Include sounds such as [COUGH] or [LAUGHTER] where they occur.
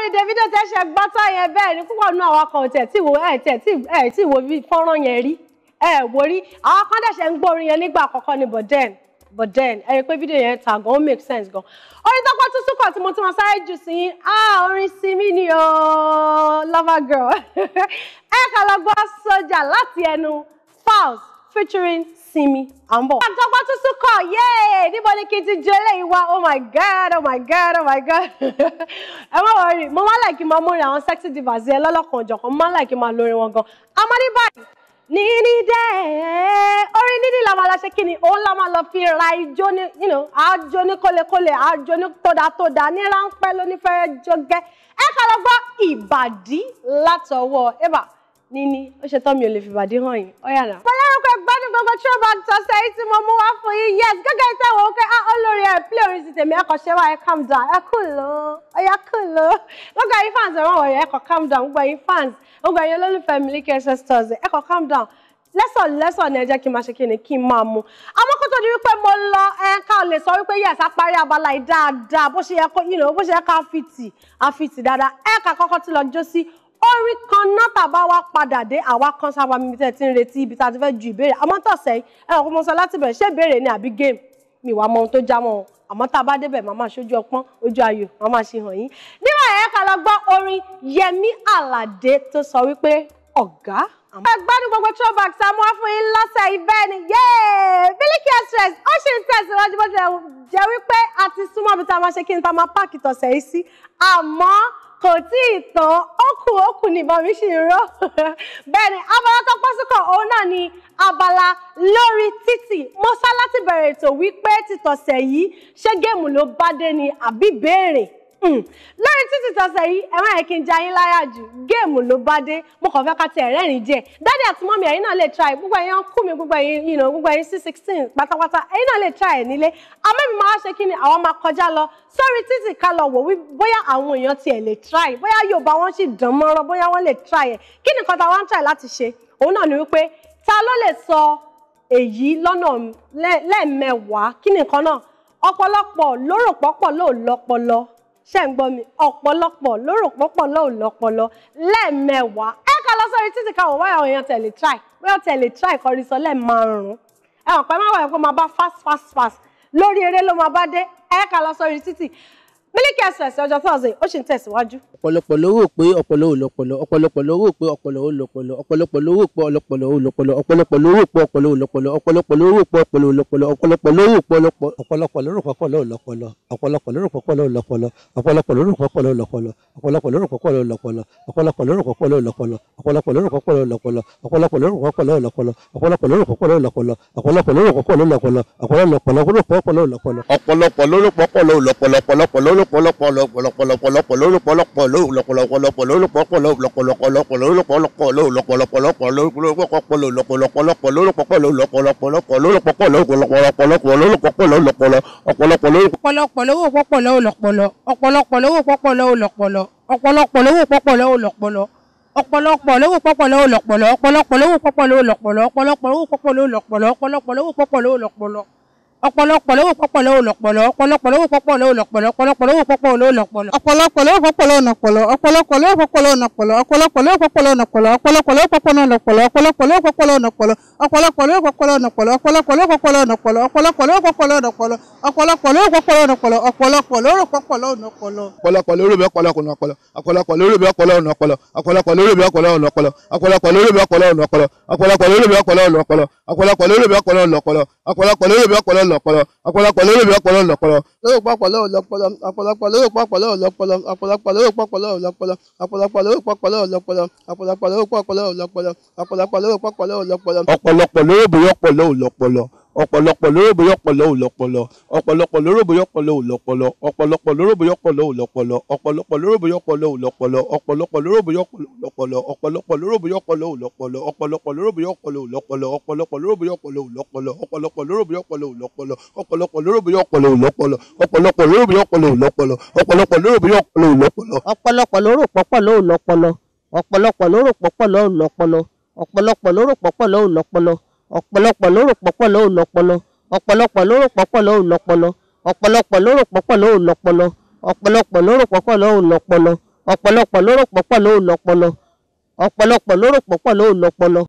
olórin Davido tẹ́ṣẹ̀ gbọ́tọ̀ yẹn bẹ́ẹ̀ ni púpọ̀ nínú àwọn kan tẹ̀ tí wo ẹ̀ tẹ̀ tí ẹ̀ fọ́nrán yẹn rí ẹ̀ wò rí àwọn kan dẹ̀ṣẹ̀ ń gbórin yẹn nígbà àkọ́kọ́ ni but then but then ẹ rí i pé fídíò yẹn ta gan ó make sense gan orin tọ́pọ̀ tún súnkọ̀ tí mo tún wọn sáré jù sí ah orin Simi ni o lover girl [LAUGHS] ẹ kà lọ gbọ́ sójà láti ẹnu Falz featuring sinmi à ń bọ̀. àtọ́gbọ́ tuntun kọ̀ yéè níbo ni kí n ti jẹ eléyìí wá oh my god oh my god oh my god [LAUGHS] ẹ má wọrí mo máa láìkí máa mórin àwọn sexy divas yẹn lọ́lọ́kan ọ̀jọ̀kan mo máa láìkí máa lórin wọn gan àmọ́ ní báyìí níní dẹ́ orin níní la máa lọ ṣe kí ni òun la máa lọ fi ra ijó ní àjò ní kólekóle àjò ní tódàtódà ní ráńpẹ́ lónífẹ́rẹ́ jọgẹ́ ẹ kà lọ gbọ́ ìbàdí látọwọ́ ẹ̀bà níní ó ṣe tán mi ò lè gbogbo throwback tọ́sẹ̀ yìí tí mo mú wá fún yín yes gẹ́gẹ́ ìtẹ́ wọ́n pé ah olórí ẹ̀ play orin ti tèmi ẹ̀kọ́ ṣẹ́wà ẹ̀ calm down ẹ̀ kù ló ọ̀yà kù ló gbogbo ẹ̀yin fans ẹ̀rọ wọ̀nyẹn ẹ̀kọ́ calm down gbogbo ẹ̀yin fans gbogbo ẹ̀yin family. Miliki Express Thursday ẹ̀kọ́ calm down lẹ́sọ̀ lẹ́sọ̀ ni ẹ jẹ́ kí n máa ṣe kí ni kí n máa mu àmọ́ kó tó di wípé mo lọ ẹ ká lè sọ wípé yẹ̀ sá parí abala yìí dáadáa bó ṣe yẹ kó yìnyín bó ṣe yẹ ká fìtì àfìtì dáadáa ẹ ká kọ́kọ́ tún lọ jó sí orí kan náà tàbá wa padà dé àwa kan sábà mímí tẹ́ ti ń retí ibi tá a ti fẹ́ ju ìbéèrè àmọ́ tọ̀sẹ̀ yìí ẹ̀rọ mọ sọ láti bẹ̀rẹ̀ ṣé ìbéèrè ni àbí géèmù mi wàá mọ ohun tó já mọ́ wọn àmọ́ tá a bá débẹ̀ màá máa ṣojú ọpọ́n ojú ayò màá máa ṣe hàn yín nígbà yẹn ká lọ gbọ́ orin Yẹmí Àlàdé tó sọ wípé ọ̀gá. ẹgbẹ́ni gbogbo throwback tá a mú wá fún yín lọ́sẹ̀ ibẹ̀ ni Miliki Express ó ṣe ń tẹ̀síwájú bó ti jẹ́ wípé a ti súnmọ́ bí tá a máa ṣe kí ni tá a máa páàkì tọ̀sẹ̀ yìí sí àmọ́ kò tí ì tán ó kù ó kù nìbọn mi sì rọ [LAUGHS] bẹ́ẹ̀ ni abala tó pọ̀ síkọ̀ òun náà ni abala lórí títì mo sá láti bẹ̀rẹ̀ ètò wípé títọ̀sẹ̀ yìí ṣé géèmù ló bá dé ni àbí béèrè Hmm. lórí títí tọ́sẹ̀ yìí ẹ má yẹ kí n ja yín láyà jù géèmù ló bá dé mo kàn fẹ́ ká tẹ ẹ̀rẹ́rìn jẹ dáàdì àti mọ́mí ẹ̀yin náà lè try gbogbo ẹ̀yin kú mi gbogbo ẹ̀yin yìnyín gbogbo ẹ̀yin sí sixteen pátápátá ẹ̀yin náà lè try ẹ̀ nílé àmọ́ mi máa ṣe kí ni àwọn máa kọjá lọ sórí títí ká lọ wò wí bóyá àwọn èèyàn tiẹ̀ lè try bóyá Yorùbá wọn sì dán mọ́rán bóyá wọ́n lè try ẹ̀ kí nìkan tá wọ́n ń try láti ṣe òun náà ni wípé ta ló lè sọ èyí lọ́nà lẹ́ẹ̀mẹwàá kí nìkan náà ọ̀pọ̀lọpọ̀ lóròpọ̀pọ̀ lóòlọ́pọlọ ṣe ń gbọ́ mi ọ̀pọ̀lọpọ̀ lóròpọ̀pọ̀lọ́ ò lọ́pọ̀lọ́ lẹ́ẹ̀mẹwàá ẹ ká lọ sórí títì káwọn wáyà àwọn èèyàn tẹ̀lé try wáyà tẹ̀lé try kọrin sọ lẹ́ẹ̀márùn-ún ẹ hàn pé má wà pé máa bá fast fast fast lórí eré ló máa bá dé ẹ ká lọ sórí títì Miliki Express ọjọ́ Thursday ó sì ń tẹ̀síwájú. ọ̀pọ̀lọpọ̀ ló rò pé ọ̀pọ̀lọ ò lọ́pọlọ ọ̀pọ̀lọpọ̀ ló rò pé ọ̀pọ̀lọ ò lọ́pọlọ ọ̀pọ̀lọpọ̀ ló rò pé ọ̀lọ́pọlọ ò lọ́pọlọ ọ̀pọ̀lọpọ̀ ló rò pé ọ̀pọ̀lọ ò lọ́pọlọ ọ̀pọ̀lọpọ̀ ló rò pé ọ̀pọ̀lọ ò lọ́pọlọ ọ̀pọ̀lọpọ̀ ló rò pé ọ̀pọ̀lọpọ̀ ló rò pé ọ̀pọ̀lọ ò lọ́pọlọ ọ̀pọ̀lọpọ̀ ló rò pé ọ̀pọ̀lọ ò lọ́pọlọ ọ̀pọ̀lọpọ̀ ló rò pé ọ̀pọ̀lọ ò lọ́pọlọ ọ̀pọ̀lọpọ̀ ló rò pé ọ̀pọ̀lọ ò lọ́pọlọ ọ̀pọ̀lọpọ̀ ló rò pé ọ̀pọ̀lọ ò lọ́pọlọ ọ̀pọ̀lọpọ̀ ló rò pé ọ̀pọ̀lọ ò lọ́pọlọ ọ̀pọ̀lọpọ̀ ló rò pé ọ̀pọ̀lọ ò lọ́pọlọ ọ̀pọ̀lọpọ̀ ló rò pé ọ̀pọ̀lọ ò lọ́pọlọ ọ̀pọ̀lọpọ̀ ló rò pé ọ̀pọ̀lọ ò lọ́pọlọ ọ̀pọ̀lọpọ̀ ló rò pé ọ̀pọ̀lọ ò lọ́pọlọ ọ̀pọ̀lọpọ̀ ló rò pé ọ̀pọ̀lọ ò lọ́pọlọ ọ̀pọ̀lọpọ̀ ló rò pé ọ̀pọ̀lọ ò lọ́pọlọ ọ̀pọ̀lọpọ̀ ló rò pé ọ̀pọ̀lọ ò lọ́pọlọ ọ̀pọ̀lọpọ̀ ló rò pé ọ̀pọ̀lọ ò lọ́pọlọ ọ̀pọ̀lọpọ̀ ló rò pé ọ̀pọ̀lọ ò lọ́pọlọ ọ̀pọ̀lọpọ̀ ló rò pé ọ̀pọ̀lọ ò lọ́pọlọ ọ̀pọ̀lọpọ̀ lówó pọpọlọ olọpọlọ ọ̀pọ̀lọpọ̀ lówó pọpọlọ olọpọlọ ọ̀pọ̀lọpọ̀ lówó pọpọlọ olọpọlọ ọ̀pọ̀lọpọ̀ lówó pọpọlọ olọpọlọ ọ̀pọ̀lọpọ̀ lówó pọpọlọ òlọpọlọ ọ̀pọ̀lọpọ̀ lówó pọpọlọ òlọpọlọ ọ̀pọ̀lọpọ̀ lówó pọpọlọ òlọpọlọ ọ̀pọ̀lọpọ̀ lówó pọpọlọ ònàpọlọ ọ̀pọ̀lọpọ̀ lówó pọpọlọ ònàpọlọ ọ̀pọ̀lọpọ̀ lówó pọpọlọ ònàpọlọ ọ̀pọ̀lọpọ̀ lówó pọpọlọ ònàpọlọ ọ̀pọ̀lọpọ̀ lówó pọpọlọ ònàpọlọ ọ̀pọ̀lọpọ̀ lówó pọpọlọ ònàpọlọ ọ̀pọ̀lọpọ̀ lówó pọpọlọ ònàpọlọ ọ̀pọ̀lọpọ̀ lówó pọpọlọ ònàpọlọ ọ̀pọ̀lọpọ̀ lówó pọpọlọ ònàpọlọ ọ̀pọ̀lọpọ̀ lówó pọpọlọ ònàpọlọ ọ̀pọ̀lọpọ̀ lówó pọpọlọ ònàpọlọ ọ̀pọ̀lọpọ̀ lówó pọpọlọ ònàpọlọ ọ̀pọ̀lọpọ̀ lówó pọpọlọ ònàpọlọ ọ̀pọ̀lọpọ̀ lówó pọpọlọ ònàpọlọ ọ̀pọ̀lọpọ̀ lówó pọpọlọ ònàpọlọ ọ̀pọ̀lọpọ̀ lówó pọpọlọ ònàpọlọ ọ̀pọ̀lọpọ̀ lówó pọpọlọ ònàpọlọ ọ̀pọ̀lọpọ̀ lówó pọpọlọ lọ́pọlọ ọ̀pọ̀lọpọ̀ lórí mi ọpọlọ lọ́pọlọ lórúkọ ọpọlọ lọ́pọlọ ọ̀pọ̀lọpọ̀ lórúkọ ọpọlọ lọ́pọlọ ọ̀pọ̀lọpọ̀ lórúkọ ọpọlọ lọ́pọlọ ọ̀pọ̀lọpọ̀ lórúkọ ọpọlọ lọ́pọlọ ọ̀pọ̀lọpọ̀ lórúkọ ọpọlọ lọ́pọlọ ọ̀pọ̀lọpọ̀ lórúkọ ọpọlọ lọ́pọlọ. ọ̀pọ̀lọpọ̀ lórúkọ ọpọlọ lọ́pọlọ ọ̀pọ̀lọpọ̀ lóró bóyá ọpọlọ ò lọ́pọlọ ọ̀pọ̀lọpọ̀ lóró bóyá ọpọlọ ò lọ́pọlọ ọ̀pọ̀lọpọ̀ lóró bóyá ọpọlọ ò lọ́pọlọ ọ̀pọ̀lọpọ̀ lóró bóyá ọpọlọ ò lọ́pọlọ ọ̀pọ̀lọpọ̀ lóró bóyá ọpọlọ ò lọ́pọlọ ọ̀pọ̀lọpọ̀ lóró bóyá ọpọlọ ò lọ́pọlọ ọ̀pọ̀lọpọ̀ lóró bóyá ọpọlọ ò lọ́pọlọ ọ̀pọ̀lọpọ̀ lóró bóyá ọpọlọ ò lọ́pọlọ ọ̀pọ̀lọpọ̀ lóró bóyá ọpọlọ ò lọ́pọlọ ọ̀pọ̀lọpọ̀ lóró bóyá ọpọlọ ò lọ́pọlọ ọ̀pọ̀lọpọ̀ lóró bóyá ọpọlọ ò lọ́pọlọ ọ̀pọ̀lọpọ̀ lóró bóyá ọpọlọ ò lọ́pọlọ ọ̀pọ̀lọpọ̀ lóró pọpọlọ ò lọ́pọlọ ọ̀pọ̀lọpọ̀ lóró pọpọlọ ò lọ́pọlọ ọ̀pọ̀lọpọ̀ lóró pọpọlọ ò lọ́pọlọ ọ̀pọ̀lọpọ̀ ló rò pọpọlọ ò lọ́pọlọ ọ̀pọ̀lọpọ̀ ló rò pọpọlọ ò lọ́pọlọ ọ̀pọ̀lọpọ̀ ló rò pọpọlọ ò lọ́pọlọ ọ̀pọ̀lọpọ̀ ló rò pọpọlọ ò lọ́pọlọ ọ̀pọ̀lọpọ̀ ló rò pọpọlọ ọ̀pọ̀lọpọ̀ ló rò pọpọlọ